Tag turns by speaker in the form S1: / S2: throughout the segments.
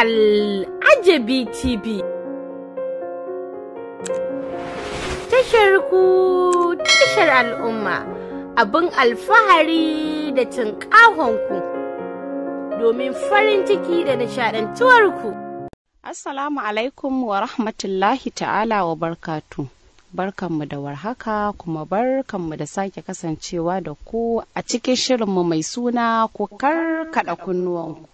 S1: Al'ajabi TV. Tashar ku tashar al'umma abin alfahari da ku domin farin ciki da nishadantuwarku. Assalamu alaikum wa rahmatullahi ta'ala wa barkatu. Barkanmu da warhaka kuma barkanmu da sake kasancewa da ku a cikin shirinmu mai suna ku karkada kunnuwanku.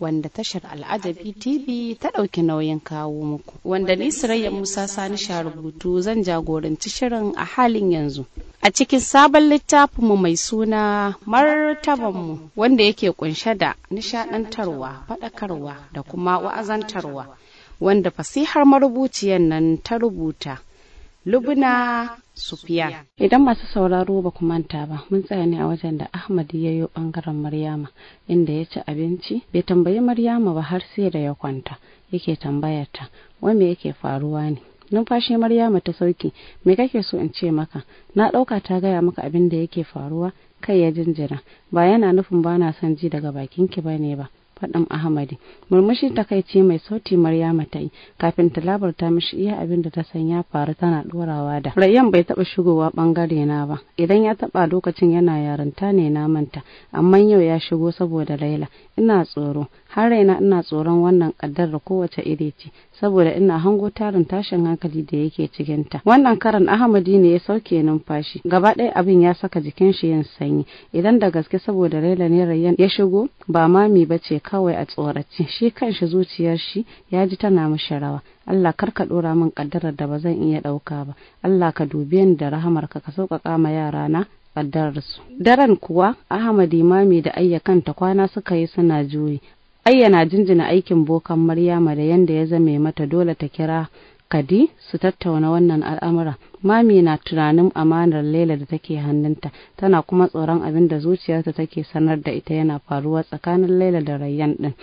S1: wanda tashar al'ajabi tv ta ɗauki nauyin kawo muku wanda ni sirayyar musa sani sha rubutu zan jagoranci shirin a halin yanzu a cikin sabon littafinmu mai suna martabanmu wanda yake kunshe da nishadantarwa faɗakarwa da kuma wa'azantarwa wanda fasihar marubuciyar nan ta rubuta lubuna Sufiya. Idan masu sauraro ba ku manta ba, mun tsaya ne a wajen da Ahmad ya yi bangaren Maryama, inda ya ci abinci, bai tambayi Maryama ba har sai da ya kwanta, yake tambayarta, wai me yake faruwa ne? numfashi Maryama ta sauki, me kake so in ce maka na ɗauka ta gaya maka abin da yake faruwa kai ya jinjira ba yana nufin ba na son ji daga bakinki ba ne ba faɗin ahmadi murmushi takaici mai sauti maryama ta yi kafin ta labarta mishi iya abin da ta san ya faru tana ɗorawa da rayyan bai taɓa shigowa ɓangare na ba idan ya taɓa lokacin yana yarinta ne na manta amma yau ya shigo saboda laila ina tsoro har raina ina tsoron wannan da kowace ire ce saboda ina hango tarin tashin hankali da yake cikinta wannan karan ahmadi ne ya sauke numfashi gaba ɗaya abin ya saka jikin shi yin sanyi idan da gaske saboda raila ne rayyan ya shigo ba mami ba ce kawai a tsorace shi kanshi zuciyar shi ya ji tana mishi rawa Allah kar ka ɗora min ƙaddarar da ba zan iya ɗauka ba Allah ka dube ni da rahamarka ka ka sauƙaƙa ma yarana kaddararsu. Daren kuwa Ahmad Mami da ayyakanta kwana suka yi suna juyi ayyana yana jinjina aikin bokan maryama da yanda ya zame mata dole ta kira kadi su tattauna wannan al'amura mami na tunanin amanar laila da take hannunta tana kuma tsoron abin da zuciyarta take sanar da ita yana faruwa tsakanin laila da rayyan din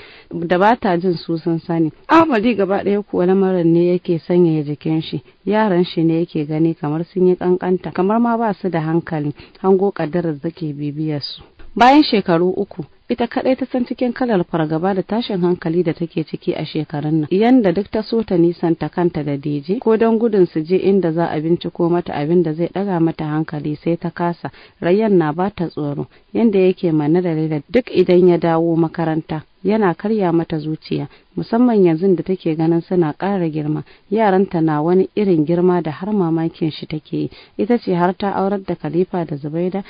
S1: da ba ta jin su sun sani amadi gaba ɗaya kuwa lamarin ne yake sanyaya jikin shi yaran shi ne yake gani kamar sun yi kankanta kamar ma ba su da hankali hango kadarar da ke bibiyar su bayan shekaru uku ita kadai ta san cikin kalar fargaba da tashin hankali da take ciki a shekarun nan yanda duk ta so ta nisan ta kanta da deji ko don gudun su je inda za a binciko mata abin da zai ɗaga mata hankali sai ta kasa rayyan na ba ta tsoro yanda yake mana da duk idan ya dawo makaranta yana karya mata zuciya musamman yanzu da take ganin suna ƙara girma yaranta na wani irin girma da har mamakin shi take yi ita ce har ta aurar da khalifa da zubaida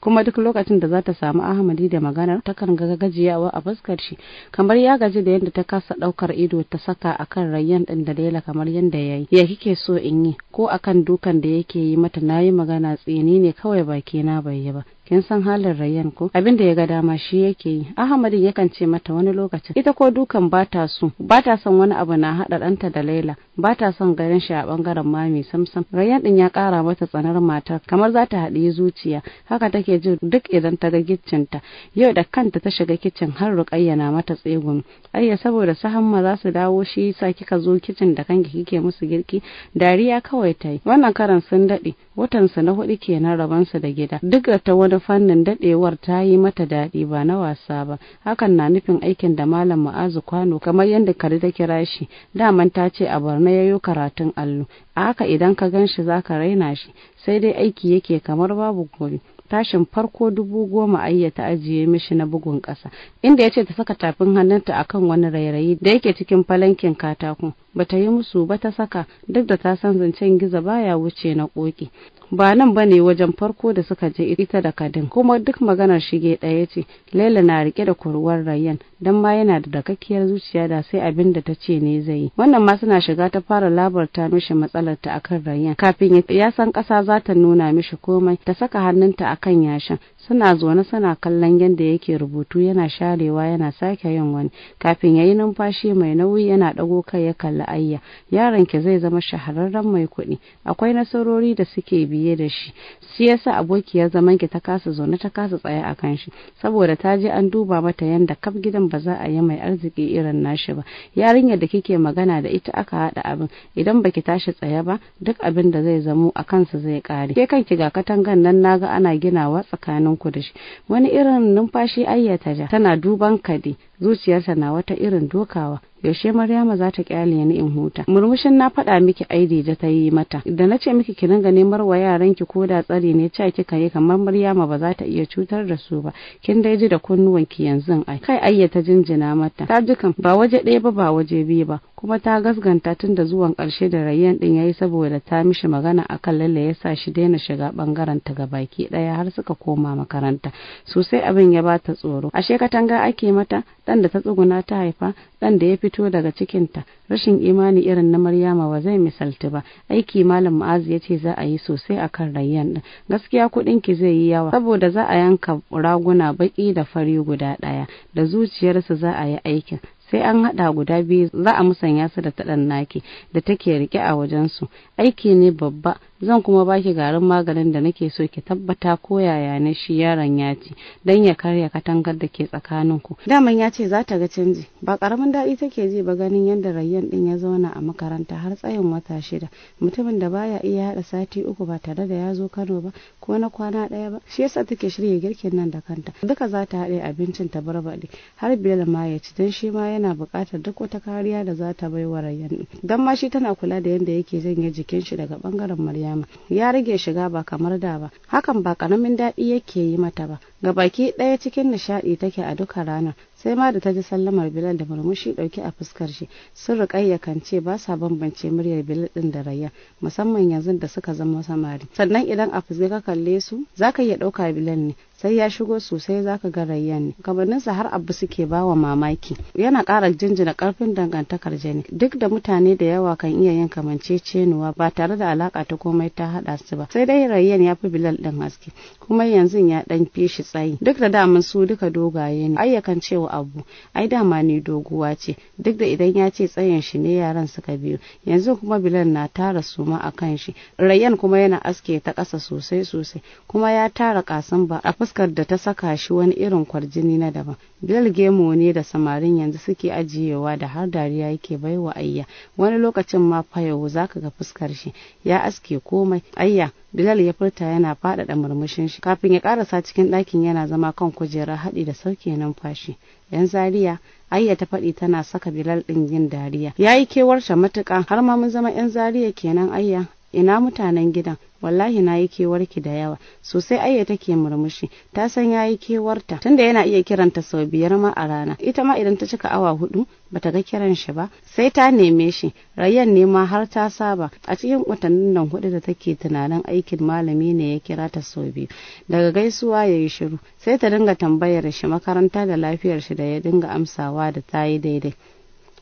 S1: kuma duk lokacin da za ta samu ahmadi da maganar takan ga gajiyawa a fuskar shi kamar ya gaji da yadda ta kasa daukar ido ta saka akan rayyan din da laila kamar yadda yayi ya kike so in yi ko akan dukan da yake yi mata nayi magana tsini ne kawai baki na bai yi ba kin san halin rayyan ko abin da ya ga dama shi yake yi ya yakan ce mata wani lokacin ita ko dukan ba ta so ba ta son wani abu na hada danta da laila ba ta son garin shi a bangaren mami samsam rayyan din ya kara mata tsanar matar kamar za ta haɗiye zuciya haka take ji duk idan ta ga ta yau da kanta ta shiga kicin har ruƙayya na mata tsegun ayya saboda su hamma za su dawo shi sa kika zo kicin da kanki kike musu girki dariya kawai ta yi wannan karan sun daɗe watansu na hudu kenan su da gida duk da ta wani fannin daɗewar ta yi mata daɗi ba na wasa ba hakan na nufin aikin da malam ma'azu kwano kamar yadda kare ta kira shi daman ta ce a barna yayo karatun allo a haka idan ka gan shi za ka raina shi sai dai aiki yake kamar babu gobe tashin farko dubu goma ayya ajiye mishi na bugun ƙasa inda ya ce ta saka tafin hannunta akan wani rairayi da yake cikin falankin katako. bata yi musu ba ta saka duk da ta san zancen giza baya wuce na koki ba nan bane wajen farko da suka je ita da kadin kuma duk maganar shige ɗaya ce laila na rike da kurwar rayyan dan ma yana da dakakkiyar zuciya da sai abin da ta ce ne zai yi wannan ma suna shiga ta fara labarta mishi matsalar ta akan rayyan kafin ya san ƙasa za ta nuna mishi komai ta saka hannunta akan yashin suna zaune suna kallon yadda yake rubutu yana sharewa yana sake yin wani kafin ya yi numfashi mai nauyi yana ɗago kai ya kalli ayya yaron ki zai zama shahararren mai kuɗi akwai nasarori da suke biye da shi shi yasa abokiyar zaman ki ta kasa zaune ta kasa tsaye a kan shi saboda ta je an duba mata yadda kaf gidan ba za a yi mai arziki irin nashi ba yarinyar da kike magana da ita aka haɗa abin idan baki tashi tsaye ba duk abin da zai zamo a kansa zai ƙare ke kanki ga katangan nan ga ana ginawa tsakanin tsakaninku da shi wani irin numfashi ayyata ja tana duban ka dai zuciyarsa na wata irin dokawa yaushe Maryama za ta kyale ni in huta murmushin na faɗa miki aidi da ta yi mata da na ce miki ki dinga nemar wa yaran ki koda tsari ne cewa kika yi kamar Maryama ba za ta iya cutar da su ba kin dai ji da kunnuwan ki yanzu ai kai ayya ta jinjina mata ta jikan ba waje ɗaya ba ba waje biyu ba kuma ta gasganta tun da zuwan ƙarshe da rayyan din yi saboda ta mishi magana akan lalle ya sa shi daina shiga ɓangaren ta ga baki ɗaya har suka koma makaranta sosai abin ya ba ta tsoro ashe katanga ake mata ɗan da ta tsuguna ta haifa ɗan da ya fito daga cikinta rashin imani irin na maryama ba zai misalti ba aiki malam ma'az ya ce za a yi sosai a kan rayyan ɗin gaskiya kuɗin ki zai yi yawa saboda za a yanka raguna baƙi da fari guda ɗaya da zuciyarsa za a yi aikin sai an haɗa guda biyu za a musanya su da taɗan naki da take riƙe a wajensu aiki ne babba zan kuma baki garin maganin da nake so ki tabbata ko yaya na shi yaron ya ci dan ya karya katangar da ke tsakanin ku daman ya ce za ta ga canji ba karamin daɗi take ji ba ganin yadda rayyan din ya zauna a makaranta har tsayin wata shida mutumin da baya iya haɗa sati uku ba tare da ya zo Kano ba ko na kwana ɗaya ba shi yasa take shirya girkin nan da kanta duka za ta haɗa abincin ta barbaɗe har Bilal ma ya ci dan shi ma yana buƙatar duk wata kariya da za ta bai wa rayyan dan ma shi tana kula da yadda yake janye jikin shi daga bangaren Maryam ya rage shiga ba kamar da ba hakan ba karamin daɗi yake yi mata ba ga baki ɗaya cikin nishaɗi take a duka ranar sai ma da ta ji sallamar Bilal da murmushi ɗauke a fuskar shi sun riƙayya kan ce ba sa bambance muryar Bilal ɗin da Rayyan musamman yanzu da suka zama samari sannan idan a fuske ka kalle su zaka iya ɗauka Bilal ne sai ya shigo sosai zaka ga rayyan ne gabaninsa har abu suke ba wa mamaki yana ƙara jinjina ƙarfin dangantakar jini duk da mutane da yawa kan iya yin kamancecenuwa ba tare da alaka ta komai ta haɗa su ba sai dai rayyan ya fi bilal ɗin haske kuma yanzu ya ɗan fi shi tsayi duk da daman su duka dogaye ne ayyakan cewa abu ai dama ni doguwa ce duk da idan ya ce tsayin shi ne yaran suka biyu yanzu kuma bilal na tara suma a kan shi rayyan kuma yana aske ta ƙasa sosai sosai kuma ya tara kasan ba a fuskar da ta saka shi wani irin kwarjini na daban bilal gemo ne da samarin yanzu suke ajiyewa da har dariya yake baiwa ayya wani lokacin ma za zaka ga fuskar shi ya aske komai ayya bilal ya furta yana faɗaɗa murmushin shi kafin ya ƙarasa cikin ɗakin yana zama kan kujera haɗi da sauke numfashi yan zariya ayya ta faɗi tana saka bilal ɗin yin dariya ya yi kewarta matuƙa har ma mun zama yan zariya kenan ayya ina mutanen gidan wallahi na yi kewarki da yawa sosai ayya take murmushi ta san ya yi kewarta tunda yana iya kiranta sau biyar ma a rana ita ma idan ta cika awa hudu bata ga kiran shi ba sai ta neme shi rayyan nema har ta saba a cikin watannin nan hudu da take tunanin aikin malami ne ya kira ta sau biyu daga gaisuwa ya yi shiru sai ta dinga tambayar shi makaranta da lafiyar shi da ya dinga amsawa da ta yi daidai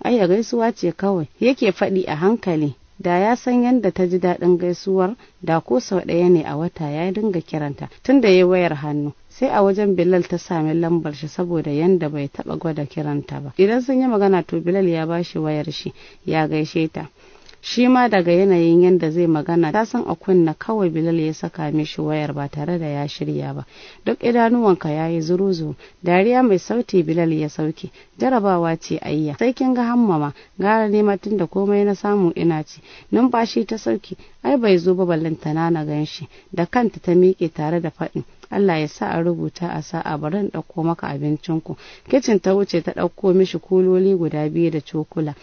S1: ayya gaisuwa ce kawai yake faɗi a hankali da ya san yadda ta ji daɗin gaisuwar da ko sau ɗaya ne a wata ya dinga kiranta tun da ya wayar hannu sai a wajen bilal ta sami lambar shi saboda yadda bai taɓa gwada kiranta ba idan sun yi magana to bilal ya ba shi wayar shi ya gaishe ta shi ma daga yanayin yadda zai magana ta san a kunna kawai bilal ya saka mishi wayar ba tare da ya shirya ba duk idanuwanka ya yi zuruzu dariya mai sauti bilal ya sauke jarabawa ce ayya sai kin ga hammama gara nema tun da komai na samu ina ci numfashi ta sauki ai bai zo ba ballanta na gan shi da kanta ta miƙe tare da faɗin Allah ya sa a rubuta a sa'a bari in ɗauko maka abincinku kicin ta wuce ta ɗauko mishi kuloli guda biyu da cokula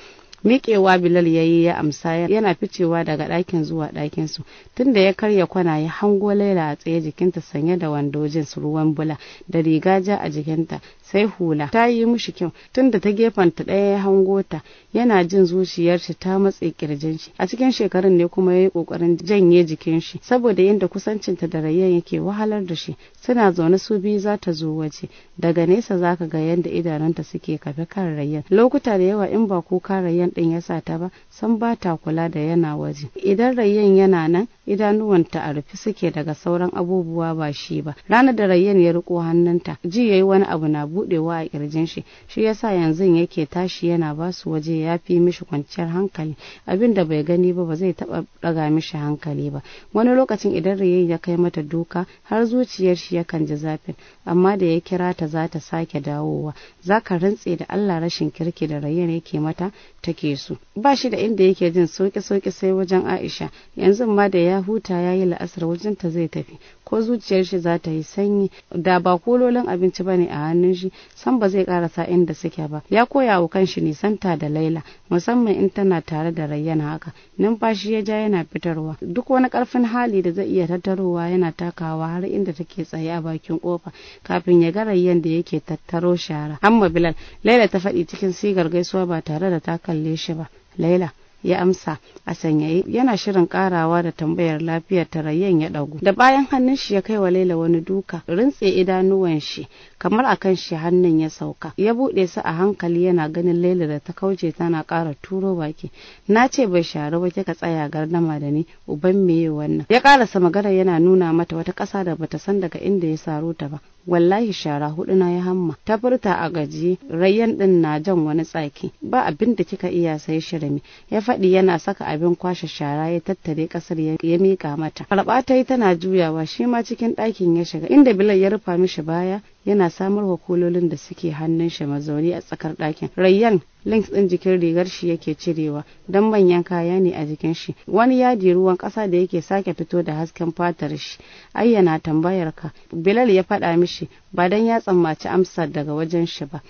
S1: miƙewa bilal ya yi ya amsa yana ficewa daga ɗakin zuwa ɗakinsu tunda ya karya kwana ya hango laila a tsaye jikinta sanye da wando jins ruwan bula da riga ja a jikinta sai hula ta yi mishi kyau tunda ta gefen ta ɗaya ya hango ta yana jin zuciyar zuciyarsa ta matse kirjin shi a cikin shekarun ne kuma ya yi kokarin janye jikin shi saboda yadda kusancinta da rayyan yake wahalar da shi suna zaune su biyu za ta zo waje daga nesa za ka ga yadda idanunta suke kafe kan rayyan lokuta da yawa in ba kuka rayyan din ya sa ta ba san ba ta kula da yana waje idan rayyan yana nan idanuwanta a rufe suke daga sauran abubuwa ba shi ba ranar da rayyan ya riko hannunta ji yayi wani abu na buɗe budewa a kirjin shi shi yasa yanzu yake tashi yana basu waje ya fi mishi kwanciyar hankali abin da bai gani ba ba zai taba daga mishi hankali ba wani lokacin idan riye ya kai mata duka har zuciyar shi yakan ji zafin amma da ya kira ta za ta sake dawowa zaka rantse da Allah rashin kirki da rayyan yake mata take so ba shi da inda yake jin soke soke sai wajen aisha yanzu ma da ya huta ya yi la'asar wajen ta zai tafi ko zuciyar shi za ta yi sanyi da ba kololin abinci ba ne a hannun shi san ba zai karasa inda suke ba ya koya wa kanshi nisanta da laila musamman in tana tare da rayyana haka numfashi ya ja yana fitarwa duk wani karfin hali da zai iya tattarowa yana takawa har inda take tsaye a bakin kofa kafin ya ga rayyan da yake tattaro shara amma bilal laila ta faɗi cikin sigar gaisuwa ba tare da taka kalle shi ba laila ya amsa a sanyaye yana shirin karawa da tambayar lafiyar tarayyan ya dagu da bayan hannun shi ya kai wa laila wani duka rintse idanuwan shi kamar a kan shi hannun ya sauka ya buɗe su a hankali yana ganin laila da ta kauce tana ƙara turo baki na ce bai sharu ba kika tsaya gardama da ni uban meye wannan ya sa magana yana nuna mata wata ƙasa da bata san daga inda ya saro ta ba wallahi shara hudu na ya hamma ta furta a gaji rayyan din na jan wani tsaki ba abin da kika iya sai shirme ya faɗi yana saka abin kwashe shara ya tattare ƙasar ya mika mata karɓa ta tana juyawa shi ma cikin ɗakin ya shiga inda bilal ya rufa mishi baya yana samar wa kulolin da suke hannun shi mazauni a tsakar ɗakin rayyan links ɗin jikin rigar shi yake cirewa don manyan kaya ne a jikin shi wani yadi ruwan ƙasa da yake sake fito da hasken fatar shi ayyana tambayar ka bilal ya faɗa mishi ba don ya tsammaci amsar daga wajen shi ba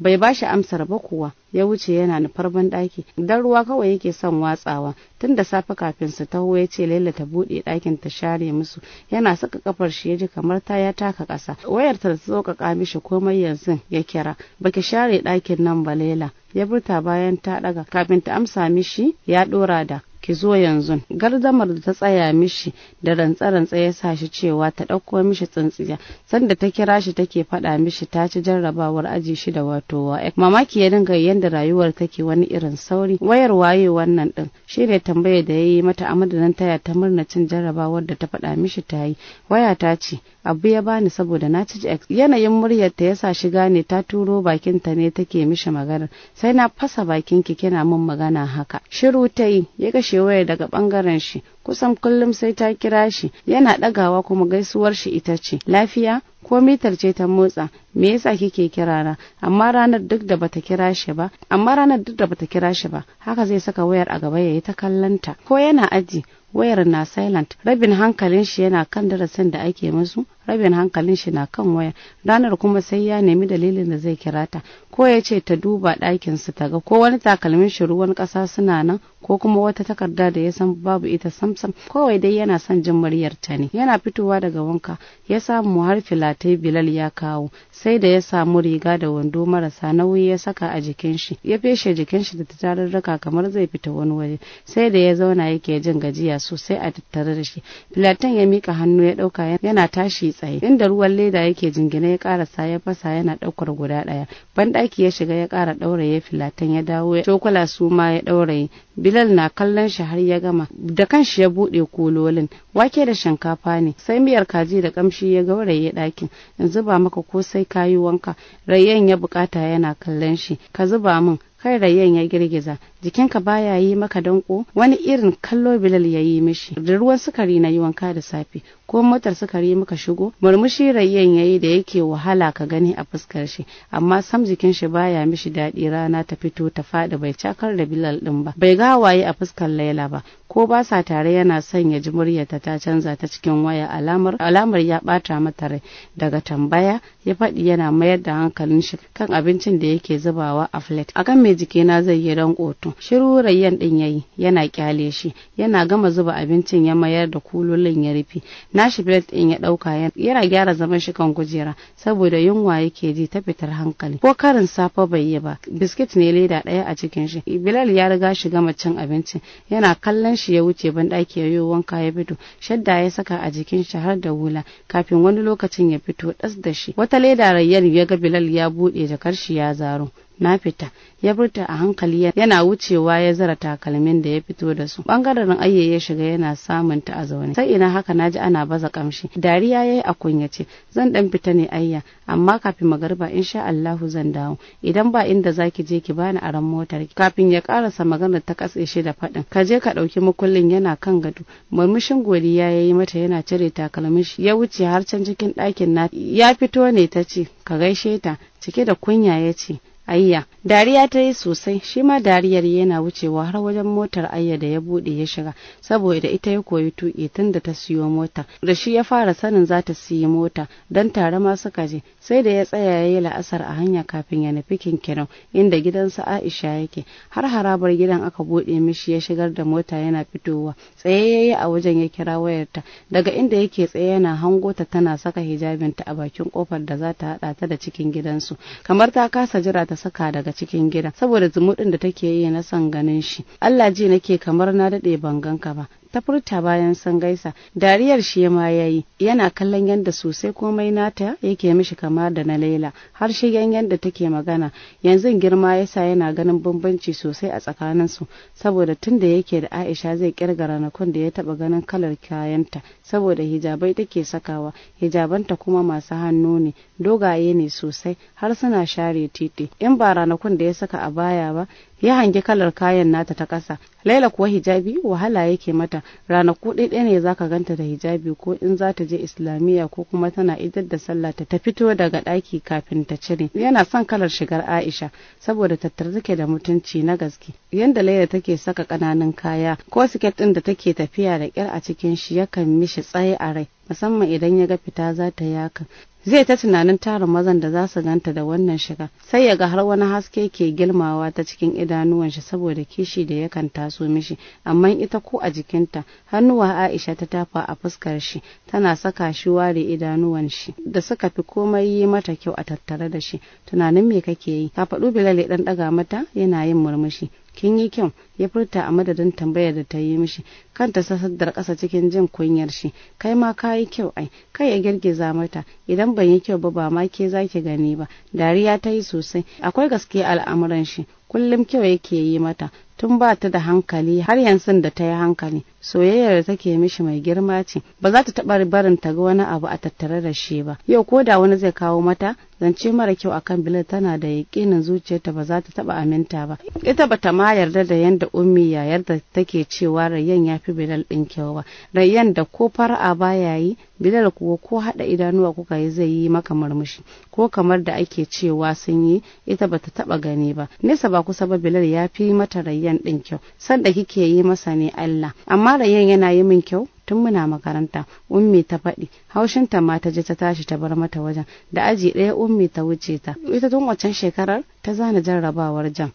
S1: bai ba shi amsar ba kuwa ya wuce yana nufar ɗaki. dan ruwa kawai yake son watsawa tun da safe kafin su taho ya ce laila ta buɗe ɗakin ta share musu yana saka kafar shi ya ji kamar ta ya taka ƙasa wayar ta tsokaka mishi komai yanzu ya kira baki share ɗakin nan ba laila ya furta bayan ta ɗaga kafin ta amsa mishi ya ɗora da ki zo yanzu gardamar da ta tsaya mishi da rantsa-rantsa ya sa shi cewa ta ɗauko mishi tsintsiya sanda ta kira shi take faɗa mishi ta ci jarrabawar aji shi da wato wa mamaki ya dinga yadda rayuwar take wani irin sauri wayar waye wannan ɗin shi ne tambayar da ya yi mata a madadin taya ta murna cin jarrabawar da ta faɗa mishi ta yi waya ta ce abu ya bani saboda na ci yanayin muryar ta yasa shi gane ta turo bakin ta ne take mishi magana sai na fasa bakin ki kina min magana haka shiru ta yi ya ga kwace daga bangaren shi kusan kullum sai ta kira shi yana dagawa kuma gaisuwar shi ita ce lafiya ko mitar ce ta motsa me yasa kike kira na amma ranar duk da bata kira shi ba amma ranar duk da bata kira shi ba haka zai saka wayar a gaba yayi ta kallanta ko yana aji wayar na silent rabin hankalin shi yana kan darasin da ake musu rabin hankalin shi na kan waya ranar kuma sai ya nemi dalilin da zai kira ta ko ya ce ta duba ɗakin su ta ga ko wani takalmin shi ruwan ƙasa suna nan ko kuma wata takarda da ya san babu ita samsam Kowai dai yana son jin muryar ta ne yana fitowa daga wanka ya samu har filat masallatai bilal ya kawo sai da ya samu riga da wando marasa nauyi ya saka a jikin shi ya feshe jikin shi da tararraka kamar zai fita wani waje sai da ya zauna yake jin gajiya sosai a tattare da shi filatin ya mika hannu ya dauka yana tashi tsaye inda ruwan leda yake jingine ya karasa ya fasa yana daukar guda daya banɗaki ya shiga ya kara ɗauraye filatan ya dawo cokula su ma ya ɗauraye bilal na kallon shi har ya gama da kanshi ya buɗe kololin wake da shinkafa ne sai miyar kaji da kamshi ya gauraye ɗakin in zuba maka ko sai kayi wanka rayyan ya bukata yana kallon shi ka zuba min kar rayen ya girgiza jikinka baya yi maka danko wani irin kallo bilal ya yi mishi da ruwan sukari na yi wanka da safe ko motar sukari muka shigo murmushi rayen ya yi da yake wahala ka gani a fuskar shi amma sam jikin shi baya mishi daɗi rana ta fito ta faɗi bai cakar da bilal ɗin ba bai gawaye a fuskar laila ba ko ba sa tare yana son ya ji muryarta ta canza ta cikin waya alamar alamar ya ɓata mata rai daga tambaya ya faɗi yana mayar da hankalin shi kan abincin da yake zubawa a flat akan me jikina zai yi dan ƙoto shiru rayyan din yayi yana kyale shi yana gama zuba abincin ya mayar da kulolin ya rufe nashi plate din ya ɗauka yana gyara zaman shi kan kujera saboda yunwa yake ji ta fitar hankali ko karin safa bai yi ba biskit ne leda ɗaya a cikin shi bilal ya riga shi gama cin abincin yana kallon shi ya wuce banɗaki ya yi wanka ya fito shadda ya saka a jikin shi har da hula kafin wani lokacin ya fito ɗas da shi wata leda rayyan ya ga bilal ya buɗe jakar shi ya zaro na fita ya furta a hankali yana wucewa ya zara takalmin da ya fito da su bangaren ayye ya shiga yana samun ta a zaune sai ina haka naji ana baza kamshi dariya yayi a kunyace zan dan fita ne ayya amma kafin magariba insha Allahu zan dawo idan ba inda zaki je ki bani aran motar kafin ya karasa maganar ta katse shi da fadin ka je ka dauki makullin yana kan gado murmushin godiya yayi mata yana cire takalmin shi ya wuce har can cikin ɗakin na ya fito ne ta ce ka gaishe ta cike da kunya ya ce ayya dariya ta yi sosai shi ma dariyar yana wucewa har wajen motar ayya da ya bude ya shiga saboda ita ya koyi tuƙi tun da ta siyo mota da shi ya fara sanin za ta siyi mota don tare ma suka je sai da ya tsaya ya yi la'asar a hanya kafin ya nufi kinkirin inda gidansa aisha yake har harabar gidan aka bude mishi ya shigar da mota yana fitowa tsaye ya yi a wajen ya kira wayarta daga inda yake tsaye yana hango ta tana saka hijabinta a bakin kofar da za ta haɗa ta da cikin gidansu kamar ta kasa jira ta saka daga cikin gidan saboda zumuɗin da take yi na son ganin shi Allah ji nake kamar na daɗe ban ganka ba ta furta bayan san gaisa dariyar shi ma ya yi yana kallon yadda sosai komai nata yake mishi kama da na laila har shi ganyen da take magana yanzu girma yasa yana ganin bambanci sosai a tsakanin su saboda tun da yake da aisha zai kirga ranakun da ya taba ganin kalar kayanta saboda hijabai take sakawa hijabanta kuma masu hannu ne dogaye ne sosai har suna share titi in ba ranakun da ya saka a baya ba ya hangi kalar kayan nata ta ƙasa laila kuwa hijabi wahala yake mata ranaku ɗaya ne zaka ganta da hijabi ko in za ta je islamiyya ko kuma tana idar da sallah ta Ta fito daga ɗaki kafin ta cire yana son kalar shigar aisha saboda tattare take da mutunci na gaske Yadda laila take saka ƙananan kaya ko siket ɗin da take tafiya da ƙyar a cikin shi yakan mishi tsaye a rai musamman idan ya ga fita za ta yaka zai ta tunanin tarin mazan da za su ganta da wannan shiga sai ya ga har wani haske ke girmawa ta cikin idanuwan shi saboda kishi da yakan taso mishi amma ita ko a jikinta hannuwa Aisha ta tafa a fuskar shi tana saka shi ware idanuwan shi da suka fi komai yi mata kyau a tattare da shi tunanin me kake yi ka faɗu Bilal ya ɗan ɗaga mata yana yin murmushi kin yi kyau ya furta a madadin tambayar da ta yi mishi kanta sassadar ƙasa cikin jin kunyar shi kai ma ka yi kyau ai kai ya girgiza mata idan ban yi kyau ba ba ma ke za ki gani ba dariya ta yi sosai akwai gaske al'amuran shi kullum kyau yake yi mata tun ba ta da hankali har yanzu da ta yi hankali soyayyar da take mishi mai girma ce ba za ta taɓa barin ta ga wani abu a tattare da shi ba yau ko da wani zai kawo mata zance mara kyau akan bilal tana da yaƙinin zuciyarta ba za ta taɓa aminta ba ita ba ta ma yarda da yanda ummi yayar da take cewa rayyan ya fi bilal ɗin kyau ba rayyan da ko fara'a baya yi bilal kuwa ko haɗa idanuwa kuka yi zai yi maka murmushi ko kamar da ake cewa sun yi ita ba ta taɓa gani ba nesa ba kusa ba bilal ya fi mata rayyan rayyan ɗin kyau sanda kike yi masa ne Allah amma rayyan yana yi min kyau tun muna makaranta ummi ta faɗi haushinta ma ta je ta tashi ta bar mata wajen da aji ɗaya ummi ta wuce ta ita tun waccan shekarar ta zana jarrabawar jan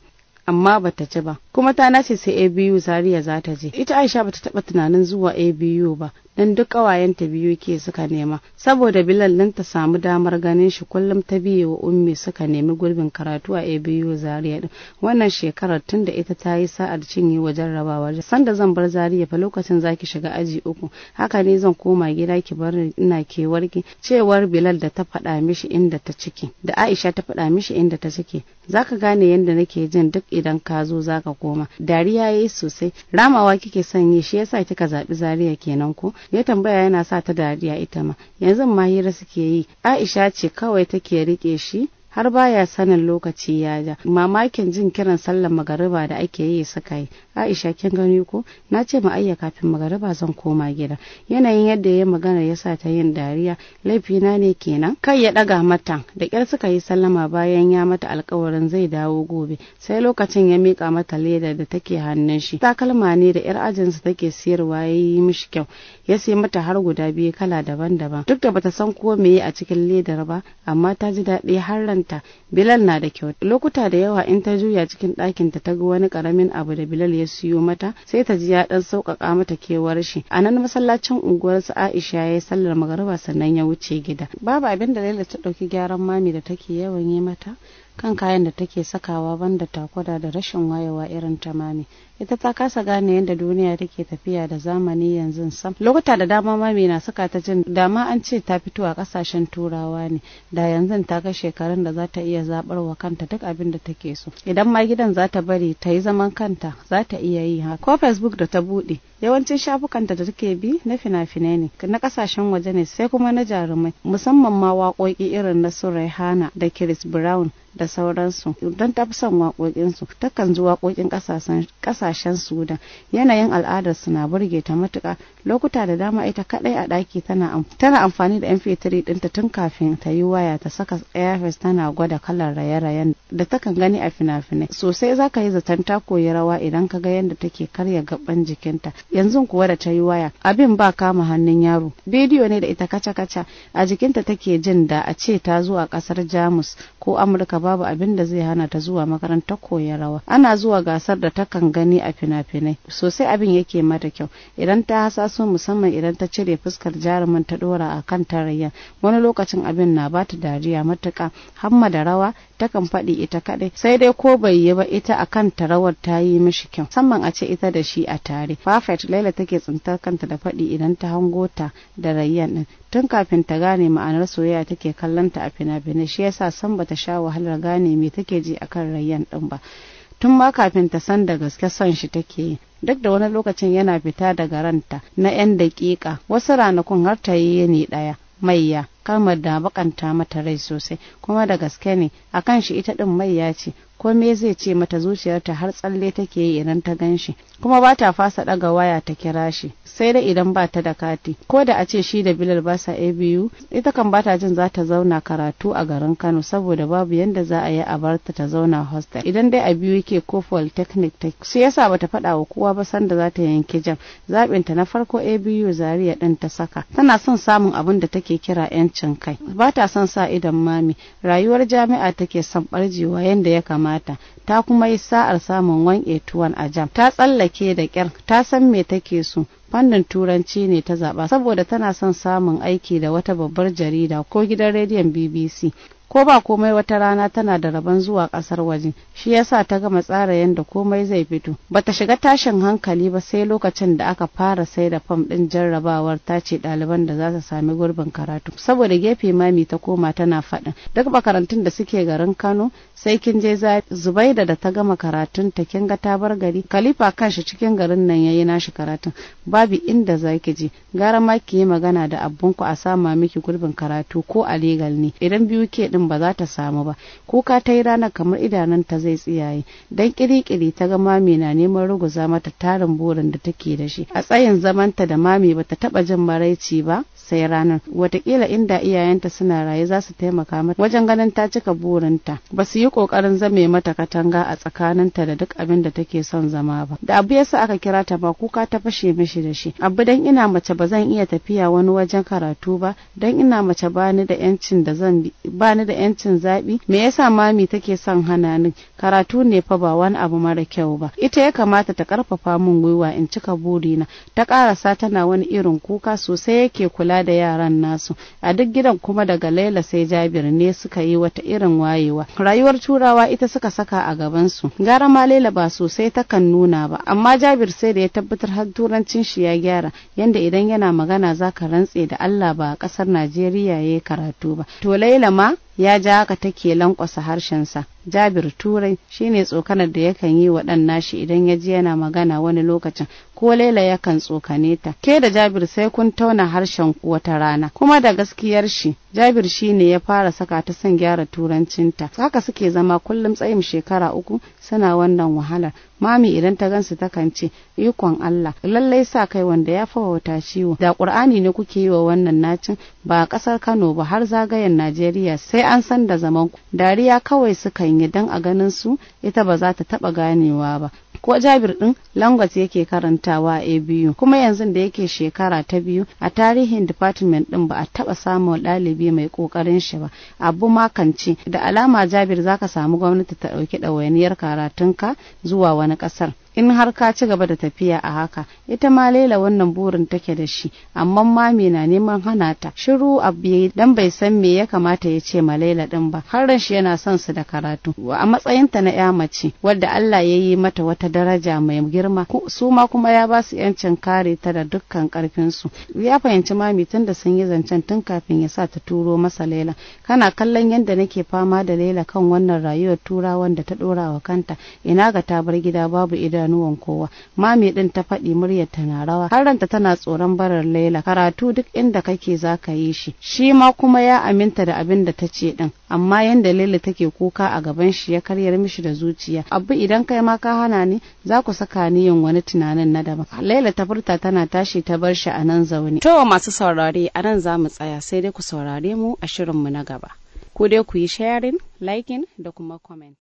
S1: amma ba ta ci ba kuma ta nace sai ABU Zaria za ta je ita Aisha ba ta taba tunanin zuwa ABU ba Dan duk ƙawayenta biyu ke suka nema saboda bilal ɗin ta samu damar ganin shi kullum ta biye wa ummi suka nemi gurbin karatu a abu zaria din. wannan shekarar tun da ita ta yi sa'ar cinye rabawa san da zan bar zaria fa lokacin zaki shiga aji uku haka ne zan koma gida ki bar ina kewarki cewar bilal da ta faɗa mishi inda ta ciki da aisha ta faɗa mishi inda ta ciki zaka gane yadda nake jin duk idan ka zo zaka koma dariya yayi sosai ramawa kike son yi shi yasa kika zaɓi zaria kenan ko ya tambaya yana sa ta dariya ita ma yanzu ma hira suke yi aisha ce kawai take rike shi har baya sanin lokaci ya ja mamakin jin kiran sallar magariba da ake yi suka yi aisha kin gani ko na ce ma ayya kafin magariba zan koma gida yanayin yadda ya magana ya sa ta yin dariya laifina ne kenan kai ya daga mata da kyar suka yi sallama bayan ya mata alkawarin zai dawo gobe sai lokacin ya mika mata leda da take hannun shi takalma ne da yar ajinsa take siyarwa yayi yi mishi kyau ya sai mata har guda biyu kala daban-daban duk da bata san ko me a cikin ledar ba amma ta ji daɗi har ranta bilal na da kyau lokuta da yawa in ta juya cikin ɗakin ta ga wani karamin abu da bilal ya siyo mata sai ta ji ya ɗan sauƙaƙa mata kewar shi a nan masallacin unguwar su aisha ya yi sallar magariba sannan ya wuce gida babu abin da laila ta ɗauki gyaran mami da take yawan yi mata kan kayan da take sakawa banda takwada da rashin wayewa irin ta mami ita ta kasa gane yadda duniya take tafiya da zamani yanzu sam lokuta da dama mami na saka ta jin dama an ce ta fito a kasashen turawa ne da yanzu ta ga shekarun da za ta iya zabar wa kanta duk abin da take so idan ma gidan za ta bari ta yi zaman kanta za ta iya yi haka ko facebook da ta bude yawancin shafukanta da take bi na fina-finai ne na kasashen waje ne sai kuma na jarumai musamman ma waƙoƙi irin na su Rihanna da Chris Brown da sauransu don ta fi son waƙoƙinsu takan ji waƙoƙin ƙasashen kasashen sudan yanayin al'adarsu na burge ta matuka lokuta da dama ita kadai a ɗaki tana amfani da mp3 dinta tun kafin ta yi waya ta saka airfest tana gwada kalar raye-rayen da takan gani a fina-finai sosai za ka yi zaton ta koyi rawa idan ka ga yadda take karya gaban jikinta yanzu kuwa da ta yi waya abin ba kama hannun yaro bidiyo ne da ita kaca-kaca a jikinta take jin da a ce ta zuwa ƙasar jamus ko amurka babu abin da zai hana ta zuwa makarantar koyi rawa ana zuwa gasar da takan gani gani a fina-finai sosai abin yake mata kyau idan ta hasaso musamman idan ta cire fuskar jarumin ta dora a kan tarayya wani lokacin abin na ba ta dariya matuka hamma da rawa takan faɗi ita kaɗai sai dai ko bai yi ba ita a kan tarawar ta yi mishi kyau musamman a ce ita da shi a tare Fafet, laila take tsintar kanta da faɗi idan ta hango ta da rayyan ɗin. tun kafin ta gane ma'anar soyayya take kallon ta a fina-finai shi yasa san bata sha wahalar gane me take ji akan rayyan ɗin ba tun ma kafin ta san da gaske son shi take yi duk da wani lokacin yana fita daga ranta na 'yan daƙiƙa wasu ranakun har ta yi yini ɗaya maiya kalmar da bakanta mata rai sosai kuma da gaske ne akan shi ita ɗin maiya ce Komai zai ce mata zuciyarta har tsalle take yi idan ta gan shi kuma ba ta fasa ɗaga waya ta kira shi sai dai idan ba ta da kati ko da a ce shi da bilal ba sa abu ita kan ba ta jin za ta zauna karatu a garin kano saboda babu yadda za a yi a barta ta zauna hostel idan dai a biyu ko polytechnic ta shi yasa bata faɗa wa kowa ba sanda za ta yanke jam zaɓinta na farko abu zariya ɗin ta saka tana son samun abin da take kira yancin kai ba ta son sa idan mami rayuwar jami'a take son barjewa yanda ya kamata kamata ta kuma yi sa'ar samun tuwon a jam ta tsallake da kyar ta san me take so fannin turanci ne ta zaba saboda tana son samun aiki da wata babbar jarida ko gidan rediyon bbc ko ba komai wata rana tana da rabon zuwa kasar waje shi yasa ta gama tsara yadda komai zai fito bata shiga tashin hankali ba sai lokacin da aka fara sai da fam din jarrabawar ta ce ɗaliban da za su sami gurbin karatu saboda gefe mami ta koma tana faɗin duk makarantun da suke garin kano sai kin je zubaida da ta gama karatun ta kin ga tabar gari khalifa kanshi cikin garin nan yayi nashi karatu. babu inda zaki je gara ma ki yi magana da abunku a sama miki gurbin karatu ko a legal ne idan biyu ke din ba za ta samu ba kuka ta yi ranar kamar idanunta zai tsiyaye dan kirikiri ta ga mami na neman ruguza mata tarin burin da take da shi a tsayin zamanta da mami ta taba jin maraici ba sai ranar watakila inda iyayenta suna raye za su taimaka mata wajen ganin ta cika burinta ba su yi kokarin zame mata katanga a tsakaninta da duk abin da take son zama ba da abu yasa aka kira ta ba kuka ta fashe mishi da shi abu dan ina mace ba zan iya tafiya wani wajen karatu ba dan ina mace bani da yancin da zan bani ni da yancin zaɓi me yasa mami take son hana ni karatu ne fa ba wani abu mara kyau ba ita ya kamata ta karfafa min gwiwa in cika burina ta karasa tana wani irin kuka sosai yake kula da yaran nasu a duk gidan kuma daga laila sai jabir ne suka yi wata irin wayewa rayuwar turawa ita suka saka a gabansu gara ma laila ba sosai takan nuna ba amma jabir sai da ya tabbatar har turancin shi ya gyara yanda idan yana magana zaka rantse da allah ba a ƙasar najeriya ya yi karatu ba to laila ma ya ja haka take lankwasa harshensa jabir turai shine tsokanar da yakan yi wa ɗan nashi idan ya ji yana magana wani lokacin ko laila yakan tsokane ta ke da jabir sai kun tauna harshen wata rana kuma da gaskiyar shi jabir ne ya fara saka ta son gyara turancinta haka suke zama kullum tsayin shekara uku suna wannan wahalar mami idan ta gansu takan ce ikon Allah lallai sa kai wanda ya fa wata ciwo da Qur'ani ne kuke yi wa wannan nacin ba a kasar Kano ba har zagayen Najeriya sai an san da zaman dariya kawai sukan idan don a ganin su ita ba za ta taɓa ganewa ba ko jabir ɗin language yake karantawa a biyu kuma yanzu da yake shekara ta biyu a tarihin department din ba a taɓa samun ɗalibi mai ƙoƙarin shi ba abu ma makance da alama jabir zaka samu gwamnati ta ɗauki ɗawainiyar karatunka zuwa wani ƙasar in har ka ci gaba da tafiya a haka ita ma laila wannan burin take da shi amma mami na neman hana ta shiru abu dan bai san me ya kamata ya ce ma laila din ba har shi yana son su da karatu a matsayinta na ya mace wadda Allah ya yi mata wata daraja mai girma su ma kuma ya ba su yancin kare ta da dukkan karfin su ya fahimci mami tun da sun yi zancen tun kafin ya sa ta turo masa laila kana kallon yadda nake fama da laila kan wannan rayuwar turawan da ta dora wa kanta ina ga ta bar gida babu idan idanuwan kowa mami din ta faɗi muryar ta na rawa har ranta tana tsoron barar laila karatu duk inda kake za ka yi shi shi ma kuma ya aminta da abin da ta ce din amma yanda laila take kuka a gaban shi ya karyar mishi da zuciya abu idan kai ma ka hana ni za ku saka ni yin wani tunanin na daban laila ta furta tana tashi ta bar shi a nan zaune to masu saurare a nan za mu tsaya sai dai ku saurare mu a shirin mu na gaba ku dai ku yi sharing liking da kuma comment